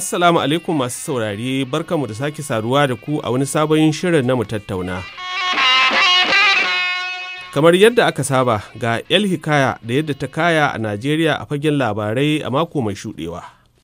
Assalamu alaikum masu saurare mu da sake saduwa da ku a wani sabon shirin na mu tattauna. Kamar yadda aka saba ga El Hikaya da yadda ta kaya a Najeriya a fagen labarai a mako mai shuɗewa.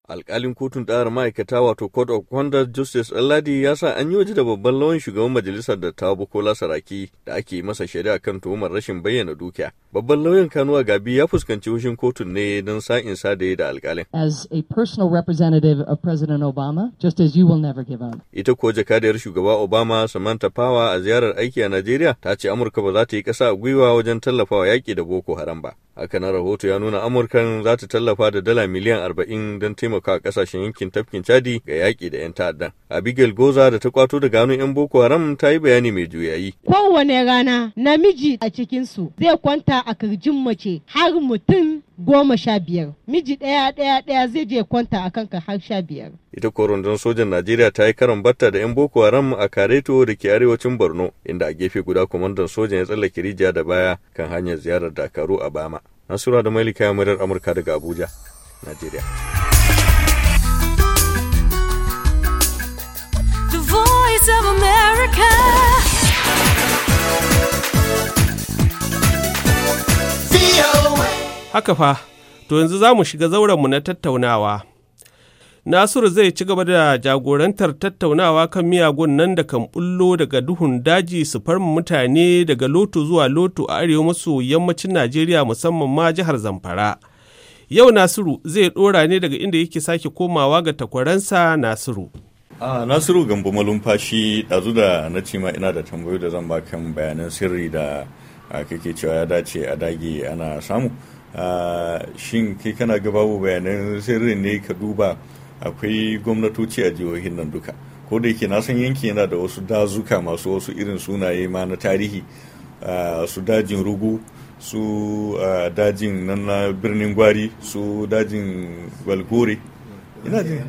Alƙalin kotun ɗarar ma'aikata wato court of Conduct Justice Alladi ya sa an yi waje da babban lawan shugaban majalisar da ta Bukola Saraki da ake masa shari'a kan tuhumar rashin bayyana dukiya. Babban lauyan Kano Gabi ya fuskanci hushin kotun ne don sa'in sa da ya da alkalin As a personal representative of President Obama, just as you will never give up. Ita ko jakadiyar shugaba Obama Samantha Power a ziyarar aiki a Najeriya ta ce Amurka ba za ta yi kasa a gwiwa wajen tallafawa yaƙi da Boko Haram ba. Haka na rahoto ya nuna Amurkan za ta tallafa da dala miliyan arba'in don taimaka ƙasashen yankin tafkin Chadi ga yaƙi da 'yan ta'addan. Abigail Goza da ta kwato da gano 'yan Boko Haram ta yi bayani mai juyayi. Kowane rana namiji a cikinsu zai kwanta a kirjin mace har mutum goma sha biyar miji ɗaya ɗaya ɗaya zai je kwanta a kanka har sha biyar. Ita ko rundun sojan Najeriya ta yi karan batta da 'yan Boko Haram a Kareto da ke arewacin Borno inda a gefe guda kwamandan sojan ya tsallake rijiya da baya kan hanyar ziyarar Dakaru a Bama. Nasura da Mailika ya murar Amurka daga Abuja, Najeriya. The America. Haka fa, to yanzu za mu shiga zaurenmu na tattaunawa. Nasiru zai ci gaba da jagorantar tattaunawa kan miyagun nan da kan bullo daga duhun daji su farma mutane daga loto zuwa loto a arewa maso yammacin Najeriya musamman ma jihar Zamfara. Yau Nasiru zai ɗora ne daga inda yake sake komawa ga takwaransa Nasiru. a nasiru gambo malumfashi ɗazu da na ce ma ina da tambayoyi da zan ba kan bayanan sirri da kake cewa ya dace a dage ana samu Ah, shin kai kana gabawo bayanan sirri ne ka duba akwai gwamnatoci a jihohin nan duka ko da yake na san yanki yana da wasu dazuka masu wasu irin sunaye ma na tarihi ah, su dajin rugu su ah, dajin nan na birnin gwari su dajin gwalgore jin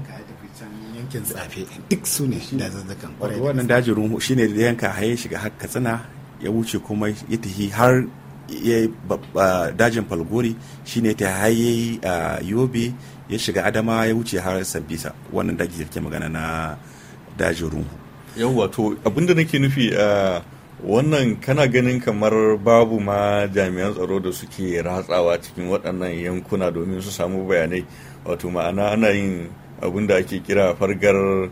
yankin tsafe duk su ne dazuzzukan kwarai wannan dajin rugu shine da yanka haye shiga har katsina ya wuce kuma ya tafi har ya yi dajin falgori shine ta haye a yobe ya shiga adama ya wuce har sabisa wannan daji ke magana na dajin ruhu yawwa to abinda nake nufi a wannan kana ganin kamar babu ma jami'an tsaro da suke ratsawa cikin waɗannan yankuna domin su samu bayanai wato ma'ana ana yin abinda ake kira fargar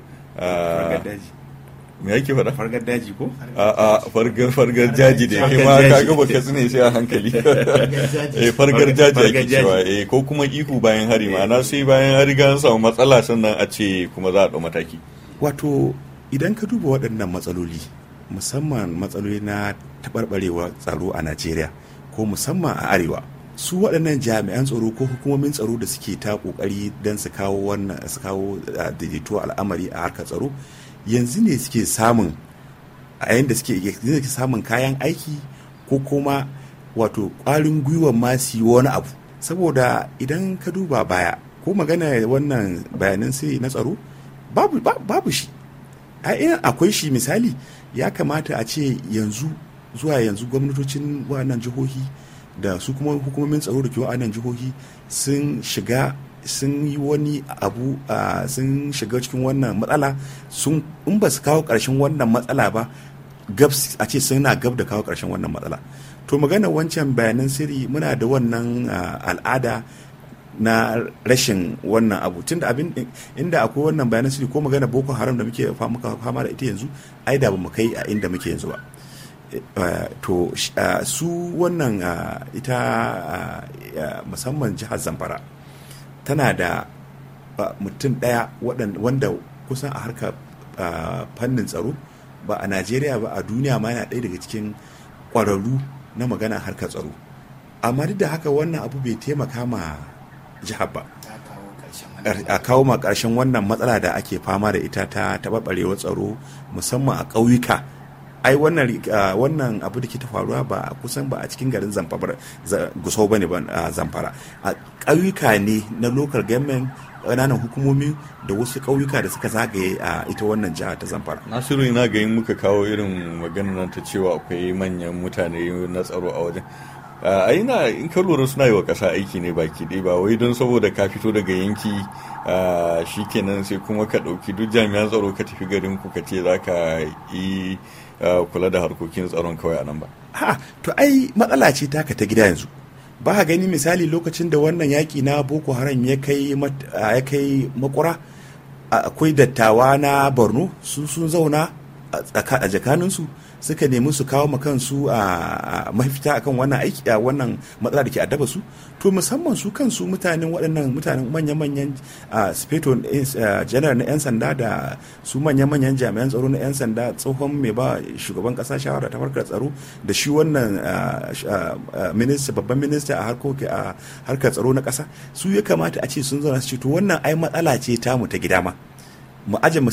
me yake faɗa fargar daji ko a fargar fargar jaji ne kai ma ka ga baka tsine sai a hankali eh fargar jaji ake cewa eh ko kuma ihu bayan hari eh. na sai bayan hari ga an samu matsala sannan a ce kuma za a ɗau mataki wato idan ka duba waɗannan matsaloli musamman matsaloli na taɓarɓarewa tsaro a Najeriya ko musamman a arewa su waɗannan jami'an tsaro ko hukumomin tsaro da suke ta ƙoƙari don su kawo wannan su kawo ah, daidaituwa al'amari a harkar tsaro yanzu ne suke samun a yayin da suke samun kayan aiki ko kuma wato ƙwarin gwiwar ma su yi wani abu saboda idan ka duba baya ko magana wannan bayanan sai na tsaro babu, babu shi in akwai shi misali ya kamata a ce yanzu zuwa yanzu gwamnatocin wa'annan jihohi da su kuma hukumomin tsaro da ke wa'annan jihohi sun shiga sun yi wani abu sun shiga cikin wannan matsala sun in ba su kawo ƙarshen wannan matsala ba gab a ce suna gab da kawo karshen wannan matsala to magana wancan bayanan sirri muna da wannan al'ada na rashin wannan abu tun da abin inda akwai wannan bayanan sirri ko magana boko haram da muke fama da ita yanzu ai da ba mu kai a inda muke yanzu ba e, to su wannan ita musamman jihar zamfara tana da mutum ɗaya wanda kusan a harkar fannin tsaro ba a najeriya ba a duniya ma yana ɗaya daga cikin ƙwararru na magana harkar tsaro amma duk da haka wannan abu bai taimaka ma jihar ba a kawo ma ƙarshen wannan matsala da ake fama da ita ta taɓarɓarewar tsaro musamman a ƙauyuka ai wannan ah, wannan abu da ke ta faruwa ba kusan ba a cikin garin zamfara gusau bane ba ah, zamfara a ƙauyuka ne na local government ƙananan hukumomi da wasu ƙauyuka da suka zagaye a ah, ita wannan jiha ta zamfara nasiru ina ga muka kawo irin maganar ta cewa akwai manyan mutane na tsaro a wajen a ina in ka lura suna yi wa ƙasa aiki ne baki ɗaya ba wai don saboda ka fito daga yanki Ah, shi kenan sai kuma ka ɗauki duk jami'an tsaro ka tafi garin ku ka ce za ka yi ah, kula da harkokin tsaron kawai a nan ba. Ha, to ai matsala ce taka ta gida yanzu. Ba ka gani misali lokacin da wannan yaƙi na Boko Haram ya kai ah, makura akwai dattawa na Borno sun sun zauna a tsakaninsu. suka nemi su kawo ma kansu a mafita akan wannan aiki a wannan matsala da ke addaba su to musamman su kansu mutanen waɗannan mutanen manya-manyan spato janar na 'yan sanda da su manya-manyan jami'an tsaro na 'yan sanda tsohon mai ba shugaban ƙasa shawara ta farkar tsaro da shi wannan babban minista a harkar tsaro na ƙasa su ya kamata a ce sun zauna su ce to wannan ai matsala ce tamu ta gida ma mu aje mu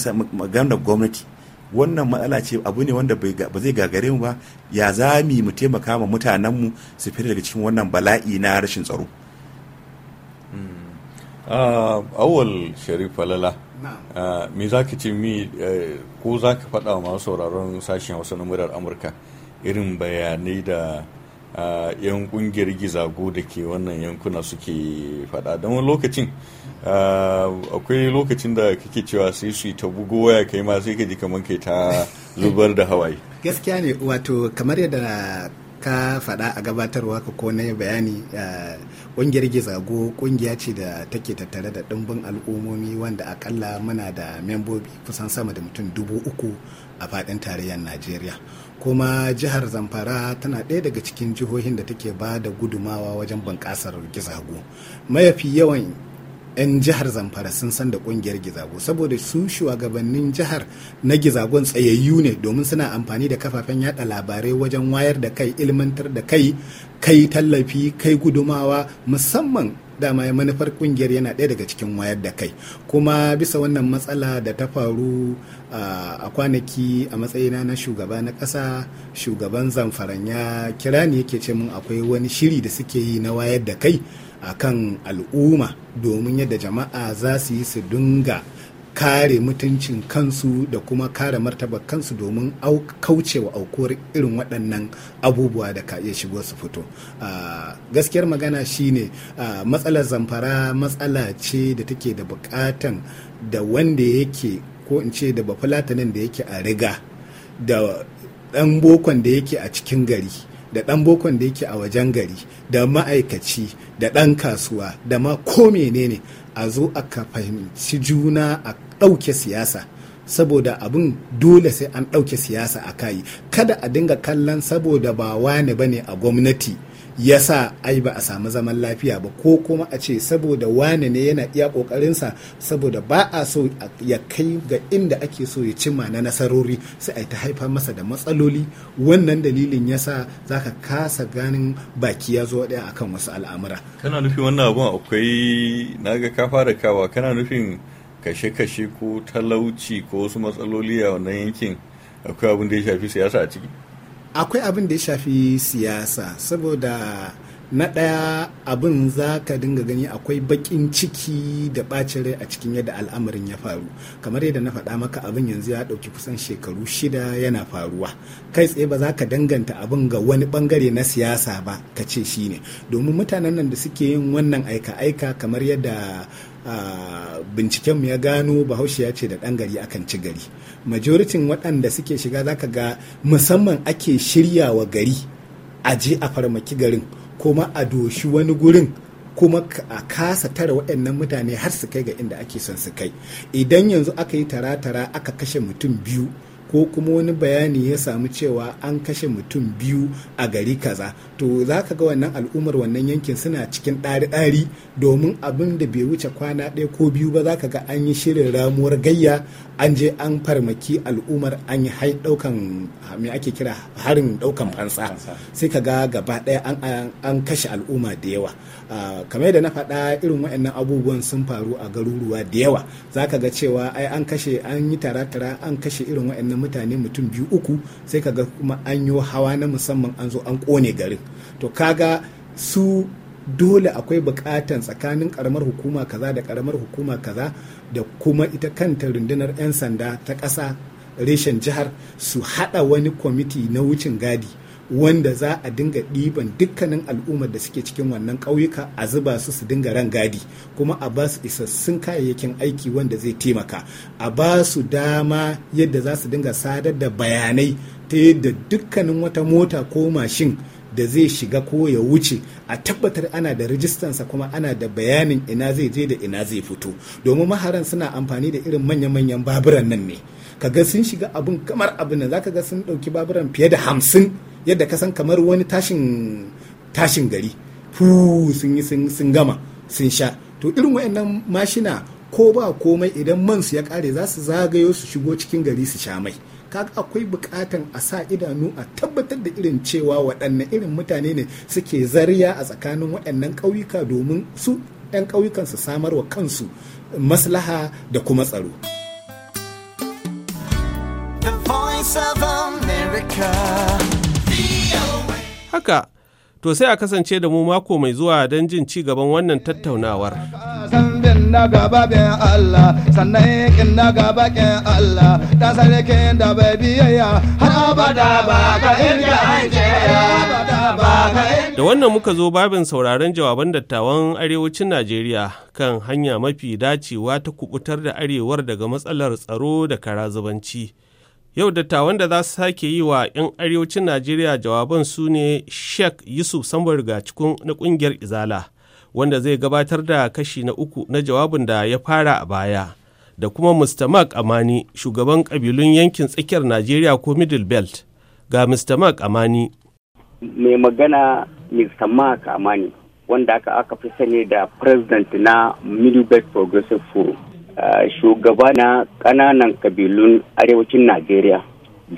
da gwamnati wannan matsala ce abu ne wanda ba zai gagare mu ba ya zami mu taimaka ma mutanen mu su fita daga cikin wannan bala'i na rashin tsaro hmm. awal ah, sharif falala ah, me za ka ce mi eh, ko za ka faɗa masu sauraron sashen wasu na murar amurka irin bayanai da ah, yan kungiyar gizago da ke wannan yankuna suke faɗa don lokacin Eh, akwai lokacin da kake cewa sai su ta bugu waya kai ma sai ka ji kamar kai ta zubar da hawaye gaskiya ne wato kamar yadda ka faɗa a gabatarwa ka ko na bayani eh, ƙungiyar gizago ƙungiya ce da take tattare da ɗimbin al'ummomi wanda akalla muna da membobi kusan sama da mutum dubu uku a faɗin tarayyar najeriya kuma jihar zamfara tana ɗaya daga cikin jihohin da take ba da gudumawa wajen bunƙasar gizago mayafi yawan 'yan jihar zamfara sun san da kungiyar gizago saboda su shugabannin jihar na gizagon tsayayyu ne domin suna amfani da kafafen yada labarai wajen wayar da kai ilmantar da kai kai tallafi kai gudumawa musamman dama ya manufar kungiyar yana ɗaya daga cikin wayar da kai kuma bisa wannan matsala da ta faru a kwanaki a matsayina na shugaba na ƙasa shugaban zamfaran ya kira ni yake ce mun akwai wani shiri da suke yi na wayar da kai a kan al'umma domin yadda jama'a za su yi su dinga kare mutuncin kansu da kuma kare martaba kansu domin kaucewa aukuwar irin waɗannan abubuwa da ka iya shigo su fito ah, gaskiyar magana shine ah, matsalar zamfara matsala ce da take da bukatan da wanda yake ko in ce da bafulatanin da yake a riga da ɗan bokon da yake a cikin gari da ɗan bokon da yake a wajen gari da ma'aikaci da ɗan kasuwa da ma ko menene a zo a ka fahimci juna a ɗauke siyasa saboda abin dole sai an ɗauke siyasa a kayi kada a dinga kallon saboda ba wane bane a gwamnati ya sa ai ba a samu zaman lafiya ba ko kuma a ce saboda wane ne yana iya kokarinsa saboda ba a so ya kai ga inda ake so ya cimma na nasarori sai ai ta haifar masa da matsaloli wannan dalilin ya sa za ka kasa ganin baki ya zo ɗaya akan wasu al'amura kana nufin wannan abun akwai naga ka fara kawa kana nufin kashe-kashe ko talauci ko wasu matsaloli a wannan yankin akwai abin da ya shafi siyasa a ciki akwai abin da ya shafi siyasa saboda na ɗaya abin za ka dinga gani akwai baƙin ciki da ɓacin rai a cikin yadda al'amarin ya faru kamar yadda na faɗa maka abin yanzu ya ɗauki kusan shekaru shida yana faruwa kai tsaye ba za ka danganta abin ga wani ɓangare na siyasa ba ka ce shi ne domin mutanen nan da suke yin wannan aika-aika kamar yadda Ah, bincikenmu ya gano bahaushe ya ce da ɗan gari akan ci gari majoritin waɗanda suke shiga za ka ga musamman ake shirya wa gari a je a farmaki garin kuma a doshi wani gurin kuma a kasa tara waɗannan mutane har su kai ga inda ake son su kai idan yanzu aka yi tara-tara aka kashe mutum biyu ko kuma wani bayani ya samu cewa an kashe mutum biyu a gari kaza to za ka ga wannan al'ummar wannan yankin suna cikin ɗari-ɗari domin abin da bai wuce kwana ɗaya ko biyu ba za ka ga an yi shirin ramuwar gayya an je an farmaki al'ummar an yi hai ɗaukan me ake kira harin ɗaukan fansa sai ka ga gaba ɗaya an kashe al'umma da yawa Ah, kamar da na faɗa irin waɗannan abubuwan sun faru a garuruwa da yawa za ka ga cewa ai an kashe an yi tara-tara an kashe irin waɗannan mutane mutum biyu uku sai ka ga kuma an yi hawa na musamman an zo an ƙone garin to kaga su dole akwai bukatan tsakanin karamar hukuma kaza da karamar hukuma kaza da kuma ita kanta rundunar 'yan sanda ta ƙasa reshen jihar su haɗa wani kwamiti na wucin gadi wanda za a dinga ɗiban dukkanin al'ummar da suke cikin wannan ƙauyuka a zuba su su dinga ran gadi kuma a ba su isassun kayayyakin aiki wanda zai taimaka a ba su dama yadda za su dinga sadar da bayanai ta yadda dukkanin wata mota ko mashin da zai shiga ko ya wuce a tabbatar ana da rijistansa kuma ana da bayanin ina zai je da ina zai fito domin maharan suna amfani da irin manya-manyan baburan nan ne kaga sun shiga abun kamar abin nan zaka ga sun ɗauki baburan fiye da hamsin yadda ka san kamar wani tashin tashin gari fu sun yi sun gama sun sha to irin wayannan mashina ko ba komai idan man su ya kare za su zagayo su shigo cikin gari su sha mai kaga akwai bukatan a sa idanu a tabbatar da irin cewa waɗanne irin mutane ne suke zariya a tsakanin waɗannan ƙauyuka domin su 'yan ƙauyukan su samar wa kansu maslaha da kuma tsaro. The voice of America. haka to sai a kasance da mu mako mai zuwa don jin ci gaban wannan tattaunawar. Da wannan muka zo babin sauraron jawaban dattawan arewacin Najeriya kan hanya mafi dacewa ta kubutar da arewar daga matsalar tsaro da karazubanci. Yau dattawan da za su sake yi wa 'yan arewacin Najeriya jawaban su ne Sheikh Yusuf Sambar cikun na ƙungiyar Izala, wanda zai gabatar da kashi na uku na jawabin da ya fara a baya, da kuma Mr. Mark Amani, shugaban ƙabilun yankin tsakiyar Najeriya ko Middle Belt. Ga Mr. Mark Amani. Mai magana Mr. Mark Amani, wanda aka aka fi sani da President na Middle Belt Progressive Forum. shugaba na kananan kabilun arewacin Najeriya.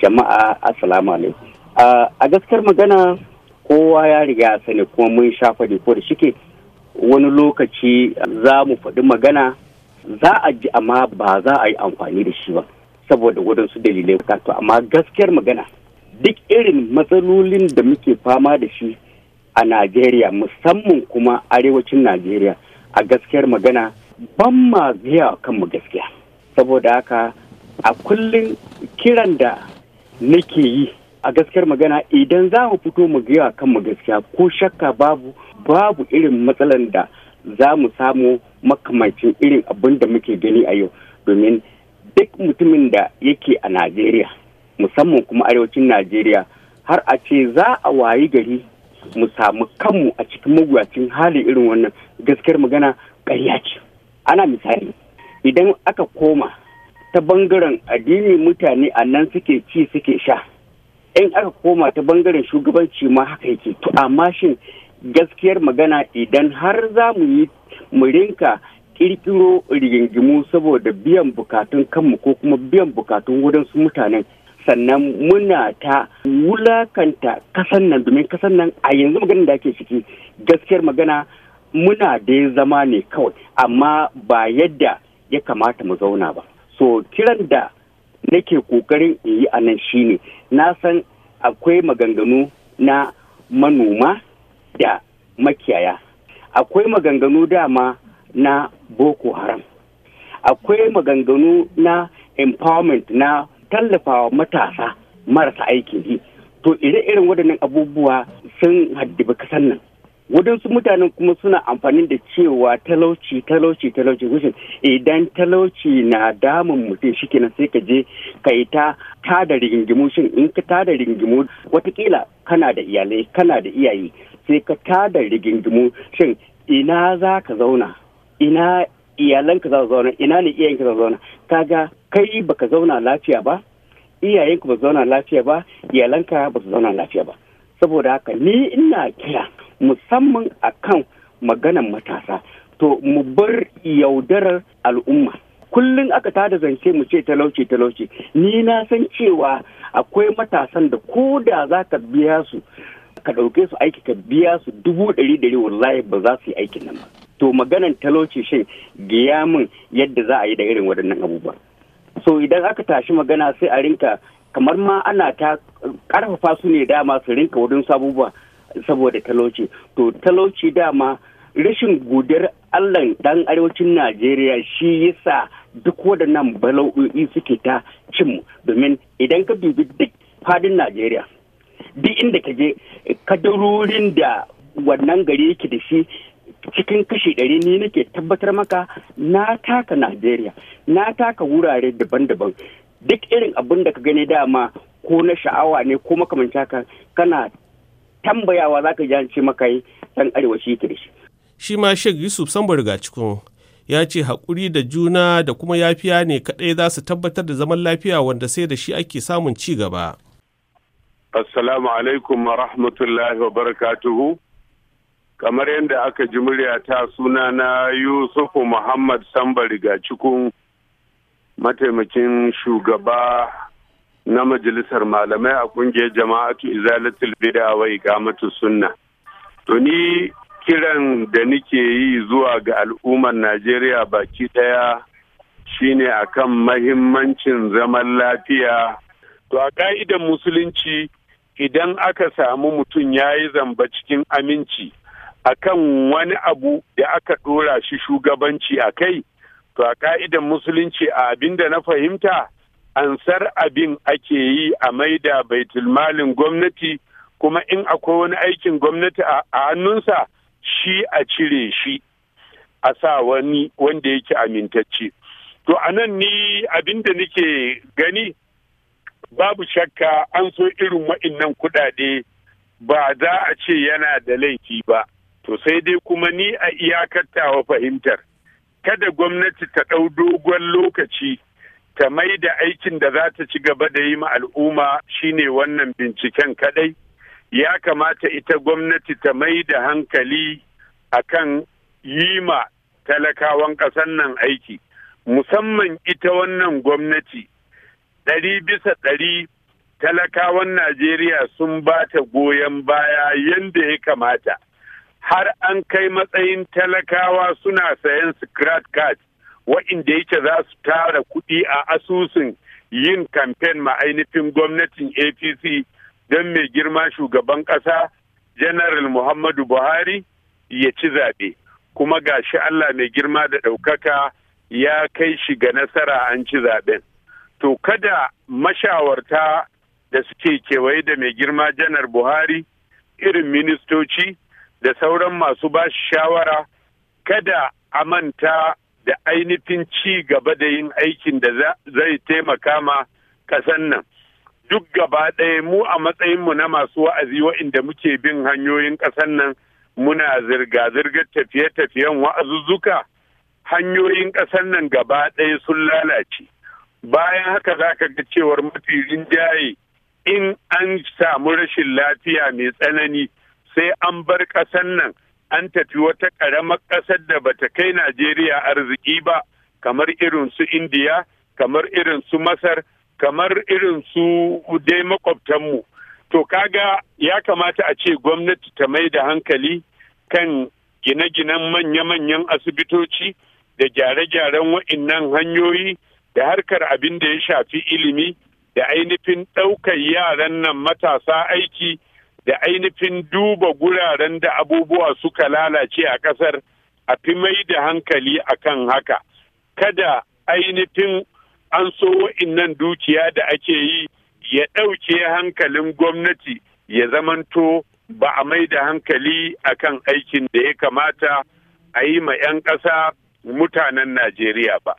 Jama'a Assalamu alaikum. A gaskiyar magana kowa ya riga sani kuma mun sha ko da shike wani lokaci za mu faɗi magana za a ji amma ba za a yi amfani da shi ba saboda wadansu dalilai to amma gaskiyar magana duk irin matsalolin da muke fama da shi a Najeriya musamman kuma arewacin Najeriya a gaskiyar magana ban ma biya kanmu gaskiya saboda haka a kullum kiran da nake yi a gaskiyar magana idan za mu fito mu gaya kanmu gaskiya ko shakka babu babu irin matsalan da za mu samu makamancin irin abin da muke gani a yau domin duk mutumin da yake a najeriya musamman kuma arewacin najeriya har a ce za a wayi gari mu samu kanmu a cikin maguyacin hali irin wannan gaskiyar magana ƙarya ce ana misali idan aka koma ta bangaren addini mutane a nan suke ci suke sha in aka koma ta bangaren shugabanci ma haka yake to amma shin gaskiyar magana idan har za mu yi murinka rinka kirkiro rigingimu saboda biyan bukatun kanmu ko kuma biyan bukatun wurin su mutanen sannan muna ta wulakanta kasan nan domin kasan nan a yanzu maganin da ake ciki gaskiyar magana muna dai zama ne kawai amma ba yadda ya kamata mu zauna ba so kiran da nake kokarin in yi anan nan shine na san akwai maganganu na manoma da makiyaya akwai maganganu dama na boko haram akwai maganganu na empowerment na tallafawa matasa marasa aikin yi to ire-iren waɗannan abubuwa sun haddibi kasan nan wadansu mutanen kuma suna amfani da cewa talauci talauci talauci kushin idan talauci na damun mutum shikenan sai ka je ka yi ta tada rigingimu shin in ka tada rigingimu watakila kana da iyalai kana da iyaye sai ka tada rigingimu shin ina za ka zauna ina iyalanka za su zauna ina ne iyayenka za su zauna kaga kai baka zauna lafiya ba iyayenka ba su zauna lafiya ba iyalanka ba su zauna lafiya ba saboda haka ni ina kira musamman a kan maganan matasa to mu bar yaudarar al'umma kullum aka tada zance mu ce talauci talauci ni na san cewa akwai matasan da ko da za ka biya su ka ɗauke su aiki ka biya su dubu ɗari ɗari wallahi ba za su yi aikin nan ba to maganan talauci shin gaya min yadda za a yi da irin waɗannan abubuwa so idan aka tashi magana sai a rinka kamar ma ana ta ƙarfafa su ne dama su rinka wurin abubuwa saboda talauci to talauci dama rashin gudar allan dan arewacin najeriya shi yasa duk waɗannan bala'o'i suke ta cin domin idan ka dubi duk fadin najeriya duk inda ka je kadarorin da wannan gari yake da shi cikin kashi ɗari ni nake tabbatar maka na taka najeriya na taka wurare daban-daban duk irin abin da ka gani dama ko na sha'awa ne ko makamanci kana tambayawa za ka ji an ce maka yi san arewa shi ke da shi. Shi ma Sheikh Yusuf riga cikin ya ce haƙuri da juna da kuma yafiya ne kaɗai za su tabbatar da zaman lafiya wanda sai da shi ake samun ci gaba. Assalamu alaikum wa rahmatullahi wa barakatuhu. Kamar yadda aka ji muryata suna na Yusufu Muhammad Sambari ga mataimakin shugaba na majalisar malamai a kungiyar jama'atu izalatul bid'a wa iqamatus sunna to ni kiran da nike yi zuwa ga al'ummar Najeriya baki daya shine akan mahimmancin zaman lafiya to a ƙa'idan musulunci idan aka samu mutum ya yi zamba cikin aminci akan wani abu da aka dora shi shugabanci a kai to a ƙa'idan musulunci a abin da na fahimta ansar abin ake yi a maida Tilmalin, gwamnati kuma in akwai wani aikin gwamnati a hannunsa shi a cire shi a sa wani wanda yake amintacce to a nan ni abin da nake gani babu shakka an so irin wa'innan kudade, ba za a ce yana da laifi ba to sai dai kuma ni a iyakar wa fahimtar kada gwamnati ta ɗau dogon lokaci ta mai da aikin da za ta ci gaba da yi ma al'umma shine wannan binciken kadai ya kamata ita gwamnati ta mai da hankali akan yi ma talakawan ƙasar nan aiki musamman ita wannan gwamnati ɗari bisa ɗari talakawan najeriya sun ba ta goyon baya yadda ya kamata har an kai matsayin talakawa suna sayan scratch card waɗanda yake za su tara kuɗi a asusun yin kamfen ma ainihin gwamnatin apc don mai girma shugaban ƙasa janaral muhammadu buhari ya ci zaɓe kuma ga shi allah mai girma da ɗaukaka ya kai shi ga nasara an ci zaɓen to kada mashawarta da suke kewaye da mai girma janar buhari irin ministoci da sauran masu ba shawara kada a manta da ainihin ci gaba da yin aikin da zai taimaka ma kasan nan duk gaba ɗaya mu a matsayinmu na masu wa'azi wa'inda muke bin hanyoyin kasan nan muna zirga-zirgar tafiye-tafiyen wa'azuzzuka hanyoyin kasan nan gaba ɗaya sun lalace bayan haka za ka ga cewar mafi rinjaye in an samu rashin lafiya mai tsanani sai an bar ƙasan nan an tafi wata ƙaramar ƙasar da bata kai Najeriya arziki ba kamar irin su Indiya, kamar irin su Masar, kamar irin su dai makwabtanmu. To kaga ya kamata a ce gwamnati ta mai da hankali kan gine-ginen manya-manyan asibitoci da gyare-gyaren wa'innan hanyoyi da harkar abin da ya shafi ilimi da ainihin ɗaukar yaran nan matasa aiki da ainihin duba guraren da abubuwa suka lalace a ƙasar a fi mai da hankali a kan haka kada ainihin an so nan dukiya da ake yi ya ɗauke hankalin gwamnati ya zamanto ba a mai da hankali a kan aikin da ya kamata a yi ma 'yan ƙasa mutanen najeriya ba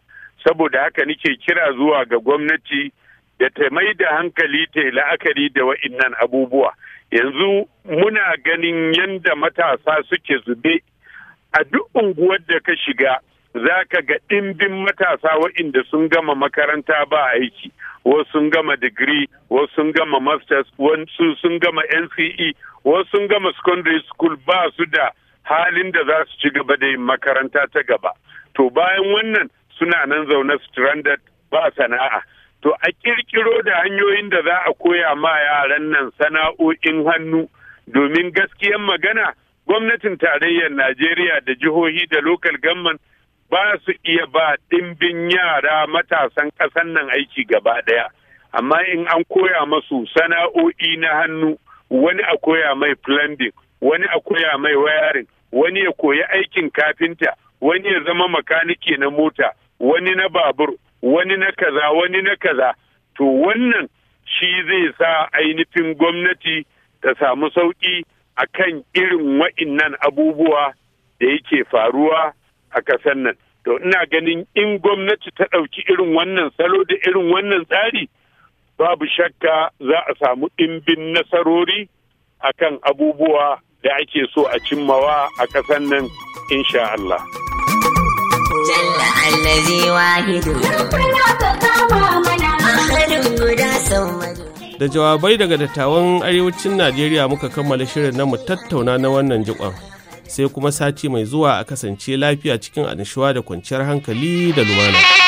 saboda haka nike kira zuwa ga gwamnati da ta mai da hankali ta la'akari da wa'innan abubuwa yanzu muna ganin yadda matasa suke zube a duk unguwar da ka shiga za ka ga ɗimbin matasa wa'inda sun gama makaranta ba aiki wasu sun gama digiri wasu sun gama masters wasu sun gama nce wasu sun gama secondary school ba su da halin da za su ci gaba da yin makaranta ta gaba to bayan wannan suna nan zaune stranded ba sana'a to a kirkiro da hanyoyin da za a koya ma yaran nan sana'o'in hannu domin gaskiyan magana gwamnatin tarayyar najeriya da jihohi da lokal gamman ba su iya ba ɗimbin yara matasan ƙasan nan aiki gaba ɗaya amma in an koya masu sana'o'i na hannu wani a koya mai planning, wani a koya mai wayarin wani ya koyi aikin kafinta wani ya zama makaniki na mota wani na babur wani na kaza wani na kaza to wannan shi zai sa ainihin gwamnati ta samu sauƙi a kan irin wa'innan abubuwa da yake faruwa a ƙasar nan to ina ganin in gwamnati ta ɗauki irin wannan salo da irin wannan tsari babu shakka za a samu ɗimbin nasarori akan abubuwa da ake so a cimmawa a ƙasar nan insha Allah. da jawabai daga dattawan arewacin najeriya muka kammala shirin na mu tattauna na wannan jikon sai kuma sati mai zuwa a kasance lafiya cikin anishuwa da kwanciyar hankali da lumana.